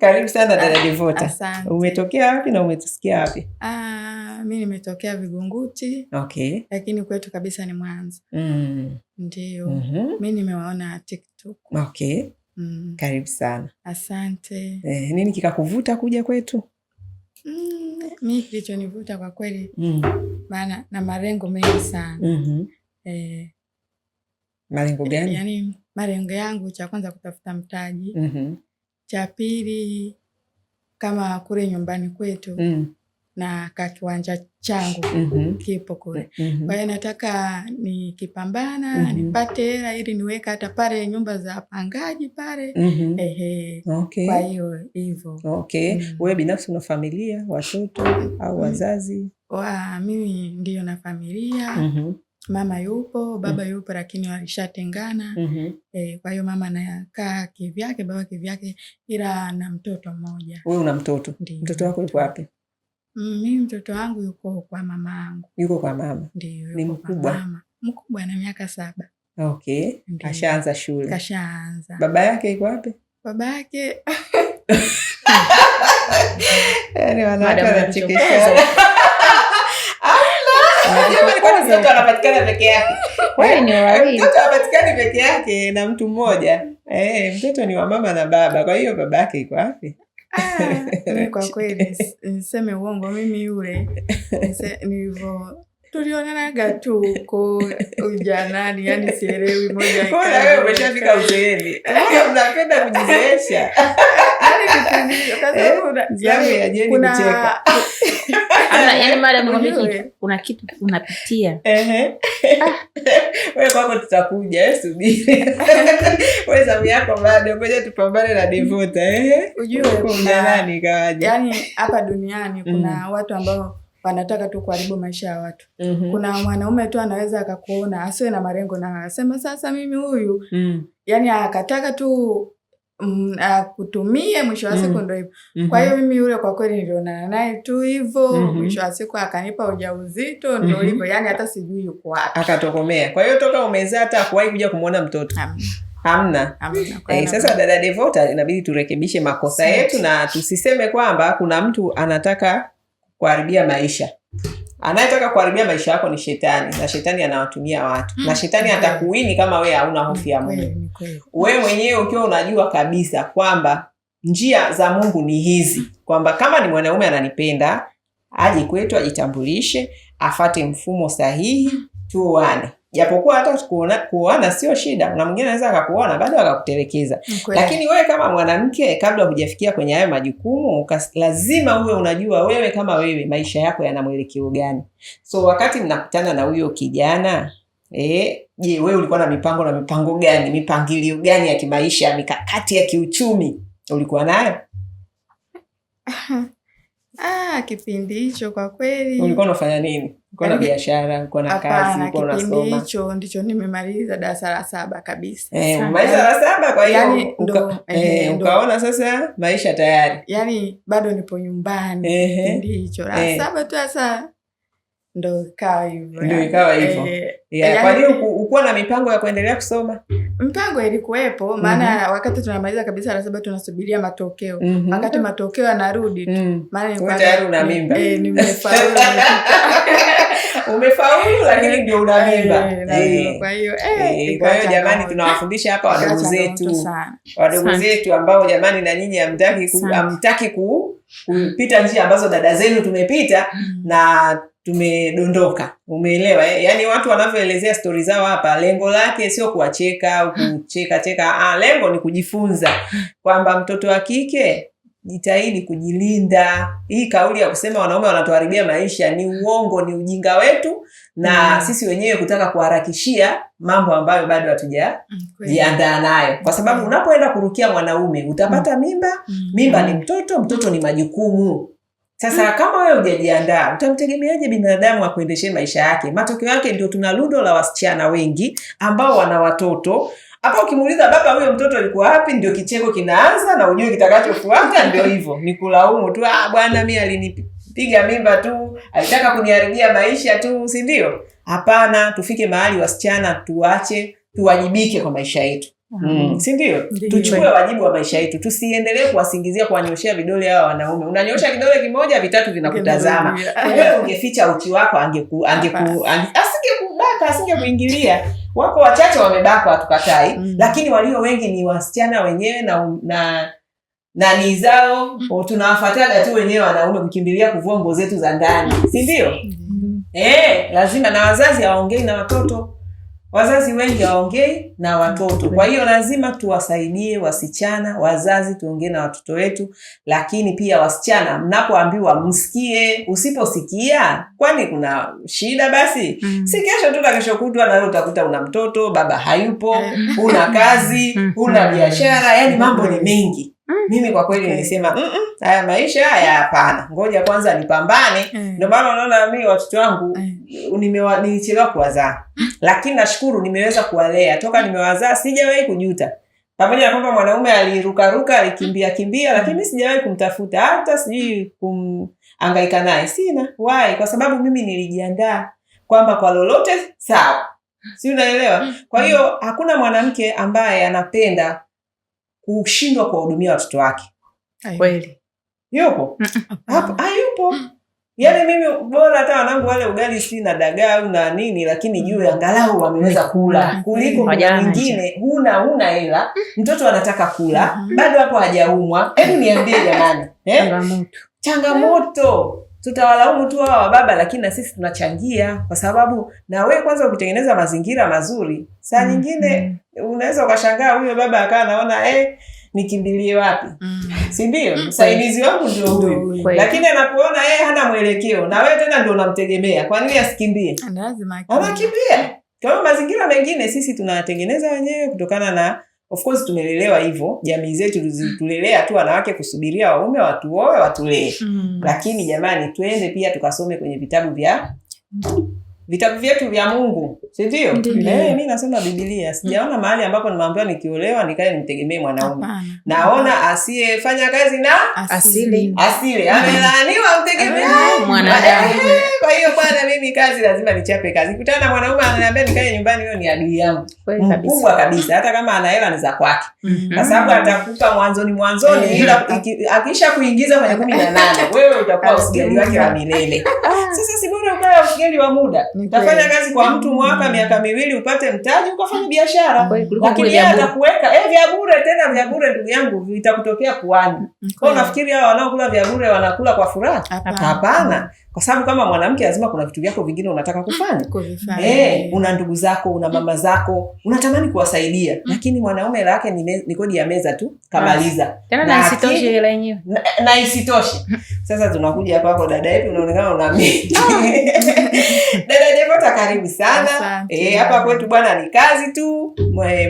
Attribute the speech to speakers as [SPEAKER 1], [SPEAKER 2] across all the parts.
[SPEAKER 1] Karibu sana dada ah, Devota. Umetokea wapi na umetusikia wapi?
[SPEAKER 2] Ah, mimi nimetokea Vigunguti. Okay. Lakini kwetu kabisa ni Mwanza.
[SPEAKER 1] Mm.
[SPEAKER 2] Ndio. Mm -hmm. Mimi nimewaona TikTok.
[SPEAKER 1] Okay. Mm. Karibu sana.
[SPEAKER 2] Asante.
[SPEAKER 1] Eh, nini kikakuvuta kuja kwetu?
[SPEAKER 2] Mm, mimi kilichonivuta kwa kweli mm. maana mm. na malengo mengi sana. Mm -hmm. Eh,
[SPEAKER 1] malengo gani?
[SPEAKER 2] Yaani malengo yangu cha kwanza kutafuta mtaji. Mm -hmm. Cha pili kama kule nyumbani kwetu mm. na kakiwanja changu mm -hmm. kipo kule mm -hmm. kwa hiyo nataka nikipambana mm -hmm. nipate hela ili niweke hata pale nyumba za pangaji pale mm -hmm. ehe. Okay. kwa hiyo hivyo
[SPEAKER 1] okay. mm. Wewe binafsi una familia watoto au mm. wazazi?
[SPEAKER 2] Wa, mimi ndiyo na familia mm -hmm mama yupo baba mm. yupo lakini walishatengana mm -hmm. E, kwa hiyo mama anakaa kivyake, baba kivyake, ila na mtoto mmoja.
[SPEAKER 1] Wewe una mtoto? Ndiyo. mtoto wako yuko wapi?
[SPEAKER 2] Mm, mimi mtoto wangu yuko kwa mama yangu.
[SPEAKER 1] Yuko kwa mama?
[SPEAKER 2] ndio ni mkubwa? Mkubwa na miaka saba.
[SPEAKER 1] Okay, ashaanza shule?
[SPEAKER 2] Kashaanza.
[SPEAKER 1] baba yake yuko wapi?
[SPEAKER 2] baba yake
[SPEAKER 1] yani wanawake wanachekeshana mtoto anapatikana peke yake,
[SPEAKER 2] anapatikani
[SPEAKER 1] eh, eh, peke yake na mtu mmoja. Eh, mtoto ni wa mama na baba. Kwa hiyo baba yake iko wapi?
[SPEAKER 2] Ah, kwa kweli niseme uongo, mimi yule nilivyo tulionanaga tu huko ujanani, yani sielewi moja.
[SPEAKER 1] Umeshafika uzeeni, mnapenda kujizeesha
[SPEAKER 2] Eh,
[SPEAKER 1] yaani yaani
[SPEAKER 3] kuna kitu unapitia
[SPEAKER 1] ah. wewe kwako, tutakuja eh, subiri. zamu yako bado, ngoja tupambane na Devota. Eh.
[SPEAKER 2] Yaani hapa duniani mm. kuna watu ambao wanataka tu kuharibu maisha ya watu. mm -hmm. Kuna mwanaume tu anaweza akakuona asiwe na marengo na asema sasa mimi huyu mm. Yani akataka tu mm, akutumie ah, mwisho wa siku mm. Ndo hivo mm-hmm. Kwa hiyo mimi yule kwa kweli nilionana naye tu hivo mm-hmm. Mwisho wa siku akanipa ujauzito ndo hivyo mm-hmm. Yani hata sijui yuko wapi
[SPEAKER 1] akatokomea. Kwa hiyo toka umezaa hata akuwahi kuja kumwona mtoto Hamna. Eh, sasa dada Devota, inabidi turekebishe makosa yetu na tusiseme kwamba kuna mtu anataka kuharibia maisha. Anayetaka kuharibia maisha yako ni shetani, na shetani anawatumia watu mm. na shetani atakuwini kama wee hauna hofu ya Mungu. wee mwenyewe ukiwa unajua kabisa kwamba njia za Mungu ni hizi, kwamba kama ni mwanaume ananipenda aje kwetu, ajitambulishe, afate mfumo sahihi, tuane japokuwa hata kuona sio shida. na mwingine anaweza akakuona bado akakutelekeza, lakini wewe kama mwanamke, kabla hujafikia kwenye hayo majukumu, lazima uwe unajua wewe kama wewe maisha yako yana mwelekeo gani. So wakati mnakutana na huyo kijana eh, je, wewe ulikuwa na mipango na mipango gani, mipangilio gani ya kimaisha, mikakati ya kiuchumi ulikuwa nayo?
[SPEAKER 2] Ah, kipindi hicho kwa kweli.
[SPEAKER 1] Ulikuwa unafanya nini? Ulikuwa na yaani, biashara, ulikuwa na kazi, ulikuwa unasoma? Kipindi
[SPEAKER 2] hicho ndicho nimemaliza darasa la saba kabisa.
[SPEAKER 1] Eh, maisha la saba kwa hiyo. yani, ndo eh, eh ukaona sasa maisha tayari.
[SPEAKER 2] Yaani bado nipo nyumbani. Kipindi hicho la eh. saba tu sasa ndo ikawa hivyo,
[SPEAKER 1] ikawa hivyo eh, Kwa hiyo ukuwa na mipango ya kuendelea kusoma?
[SPEAKER 2] Mpango ilikuwepo maana, mm -hmm. wakati tunamaliza kabisa la tunasubiria matokeo mm -hmm. wakati matokeo yanarudi
[SPEAKER 1] tu, mm. tayari una mimba eh, umefaulu lakini ndio una eh, mimba. Kwa hiyo jamani, tunawafundisha hapa wadogo zetu, wadogo zetu ambao jamani, na nyinyi hamtaki ku, kupita njia ambazo dada zenu tumepita mm. na tumedondoka. Umeelewa? Eh? Yaani watu wanavyoelezea stori zao hapa, lengo lake sio kuwacheka au hmm. kucheka cheka. Ah, lengo ni kujifunza kwamba mtoto wa kike jitahidi kujilinda. Hii kauli ya kusema wanaume wanatuharibia maisha ni uongo, ni ujinga wetu na mm, sisi wenyewe kutaka kuharakishia mambo ambayo bado hatujajiandaa hmm, mm, nayo, kwa sababu hmm. unapoenda kurukia mwanaume utapata mimba. Mimba ni mtoto, mtoto ni majukumu sasa mm. kama wewe ujajiandaa utamtegemeaje binadamu akuendeshe maisha yake? Matokeo yake ndio tuna lundo la wasichana wengi ambao wana watoto hapa. Ukimuuliza baba, huyo mtoto alikuwa wapi, ndio kicheko kinaanza, na ujue kitakachofuata ndio hivyo, ni kulaumu tu. Ah, bwana mimi alinipiga mimba tu, alitaka kuniharibia maisha tu, si ndio? Hapana, tufike mahali wasichana tuache, tuwajibike kwa maisha yetu. Mm. Mm. sindio Tuchukue wajibu wa maisha yetu, tusiendelee kuwasingizia, kuwanyoshea vidole hawa wanaume. Unanyosha kidole kimoja, vitatu vinakutazama. ungeficha uchi wako, angeku asingekubaka, asingekuingilia. Wako wachache wamebaka, watukatai mm. Lakini walio wengi ni wasichana wenyewe na na ni zao, mm. tunawafataga tu wenyewe wanaume, kukimbilia kuvua nguo zetu za ndani, si ndio? mm. E, lazima na wazazi hawaongei na watoto Wazazi wengi waongei na watoto, mm-hmm. kwa hiyo lazima tuwasaidie wasichana. Wazazi tuongee na watoto wetu, lakini pia wasichana, mnapoambiwa msikie, usiposikia kwani kuna shida? Basi mm. si kesho tu na kesho kutwa, nawe utakuta una mtoto, baba hayupo, eh. una kazi, mm-hmm. una biashara, yani mambo ni mengi Mm. Mimi kwa kweli okay. Nilisema mm -mm, haya maisha haya hapana, ngoja kwanza nipambane. Mm. Ndio maana unaona mimi watoto wangu mm. nilichelewa kuwazaa mm. lakini nashukuru nimeweza kuwalea toka mm. nimewazaa, sijawahi kujuta pamoja na kwamba mwanaume alirukaruka alikimbia mm. kimbia, lakini sijawahi kumtafuta hata sijui kumangaika naye, sina wai, kwa sababu mimi nilijiandaa kwamba kwa lolote sawa, si unaelewa? Kwa hiyo hakuna mwanamke ambaye anapenda kushindwa kuwahudumia watoto wake. Kweli yupo Hayupo. Ah, yaani mimi bora hata wanangu wale ugali si na dagaa au na nini, lakini juu angalau wameweza kula kuliko kuna mwingine huna huna hela, mtoto anataka kula bado hapo hajaumwa. Hebu niambie jamani, eh? Changamoto tutawalaumu tu hawa wababa lakini na sisi tunachangia, kwa sababu na kwanza ukitengeneza mazingira mazuri saa nyingine unaweza ukashangaa huyo baba akawa anaona eh, nikimbilie wapi? mm. si ndio? Mm, msaidizi wangu ndio huyu, lakini anapoona eh, hana mwelekeo na wewe tena ndio unamtegemea, kwa nini asikimbie? Anakimbia. Kama mazingira mengine sisi tunawatengeneza wenyewe kutokana na of course tumelelewa hivyo, jamii zetu zitulelea tu wanawake kusubiria waume watuoe watulee. mm. Lakini jamani, twende pia tukasome kwenye vitabu vya mm vitabu vyetu vya Mungu, si ndio? Eh, mimi nasoma Biblia, mm. sijaona mahali ambapo nimeambiwa nikiolewa nikae nitegemee mwanaume. Naona asiyefanya kazi na
[SPEAKER 2] asili
[SPEAKER 1] asili mm. amelaaniwa, mwanadamu. Kwa hiyo bwana, mimi kazi lazima nichape kazi. Kutana na mwanaume ananiambia nikae nyumbani, hiyo ni adui yangu mkubwa kabisa, hata kama anaela ni za kwake, mm-hmm. kwa sababu atakupa mwanzoni mwanzoni, mm-hmm. ila akisha kuingiza kwenye kumi na nane wewe utakuwa usgeli wake wa milele. Sasa si bora ukae wa muda Utafanya kazi kwa mtu mwaka miaka miwili upate mtaji ukafanya biashara, lakini yeye atakuweka eh, vya bure tena vya bure, ndugu yangu, vitakutokea puani. Kwa nafikiri hao wanaokula vya bure wanakula kwa furaha? Hapana kwa sababu kama mwanamke lazima kuna vitu vyako vingine unataka ah, kufanya. E, una ndugu zako, una mama zako, unatamani kuwasaidia mm. Lakini mwanaume lake ni, ni kodi ya meza tu ah. kamaliza na, na isitoshe mm. sasa tunakuja kwako dada yetu, unaonekana una ah. dada Devota, karibu sana eh, hapa e, kwetu bwana ni kazi tu,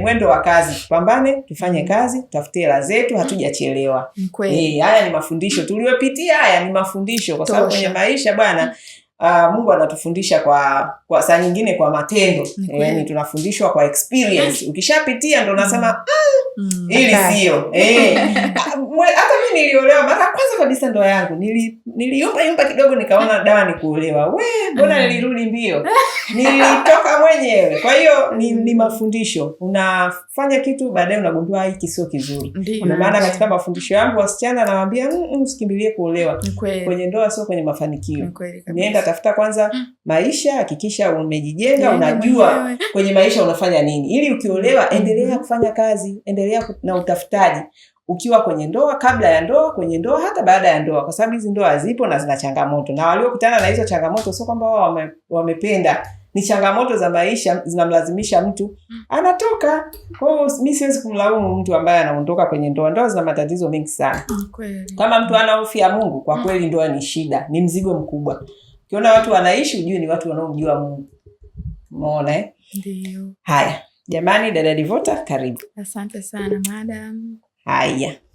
[SPEAKER 1] mwendo wa kazi. Pambane, tufanye mm. kazi, tutafute hela zetu, mm. hatujachelewa. E, haya ni mafundisho tuliyopitia, haya ni mafundisho kwa sababu kwenye maisha bwana Uh, Mungu anatufundisha kwa, kwa saa nyingine kwa matendo mm -hmm. Yani tunafundishwa kwa experience, ukishapitia ndo unasema mm. Mm, mm, hili mm, sio eh. Hata mi niliolewa mara kwanza kabisa ndoa yangu nili, niliumba yumba kidogo nikaona dawa ni kuolewa, we mbona nilirudi mbio, nilitoka mwenyewe. Kwa hiyo ni, ni mafundisho, unafanya kitu baadaye unagundua hiki sio kizuri. Ndio maana katika mafundisho yangu wasichana nawaambia, msikimbilie kuolewa, kwenye ndoa sio kwenye mafanikio, Nienda tafuta kwanza mm. maisha, hakikisha umejijenga yeah, unajua mwenyewe. kwenye maisha unafanya nini, ili ukiolewa mm. endelea kufanya kazi, endelea na utafutaji ukiwa kwenye ndoa, kabla ya ndoa, kwenye ndoa, hata baada ya ndoa, kwa sababu hizi ndoa zipo na zina changamoto, na waliokutana na hizo changamoto sio kwamba wao wame, wamependa ni changamoto za maisha zinamlazimisha mtu mm. anatoka. Kwa hiyo mi siwezi kumlaumu mtu ambaye anaondoka kwenye ndoa. Ndoa zina matatizo mengi sana.
[SPEAKER 2] Ah,
[SPEAKER 1] Kama mtu ana hofu ya Mungu, kwa mm. kweli ndoa ni shida, ni mzigo mkubwa. Ukiona watu wanaishi, ujue ni watu wanaomjua Mungu. Umeona eh? Ndio. Haya jamani, dada Devota, karibu.
[SPEAKER 2] Asante sana madam.
[SPEAKER 1] Haya.